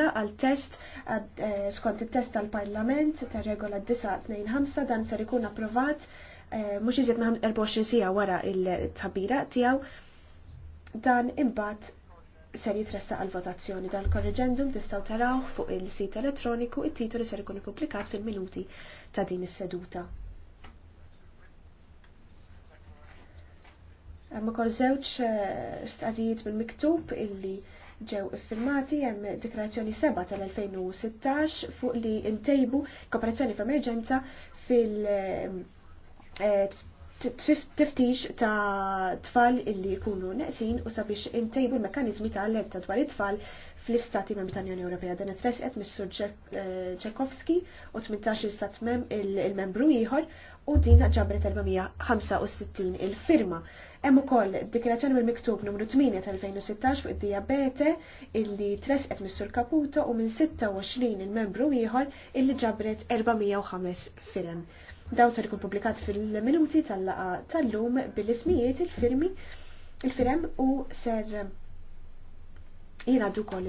emenda għal test eh, skont il-test tal-Parlament ta' regola 925 dan ser ikun approvat eh, mhux iżjed minn 24 sija wara il-tabira tiegħu dan imbagħad ser jitressa għal votazzjoni dan korreġendum tistgħu tarawh fuq il-sit elettroniku it-titoli ser ikun ippubblikat fil-minuti ta' din is-seduta. Hemm ukoll żewġ eh, stadijiet bil-miktub illi ġew iffirmati hemm dikrazzjoni 7 tal-2016 fuq li ntejbu kooperazzjoni f'emerġenza fil- eh, tiftix ta' tfal illi jkunu neqsin u sabiex intejbu l mekanizmi ta' ta' dwar it-tfal fl-istati mem tal-Unjoni Ewropea. Dan it-tresqet mis-Sur Ċekowski eh, u 18 stat mem il-membru ieħor u din ġabret 465 il-firma. Hemm ukoll dikjerazzjoni mill-miktub numru 8 tal-2016 fuq id-diabete illi tresqet mis-Sur Caputo u minn 26 il-membru ieħor illi ġabret 405 firm. Dawn ser ikun publikat fil-minuti tal-laqa tal-lum bil-ismijiet il-firmi il-firem u ser jina dukoll.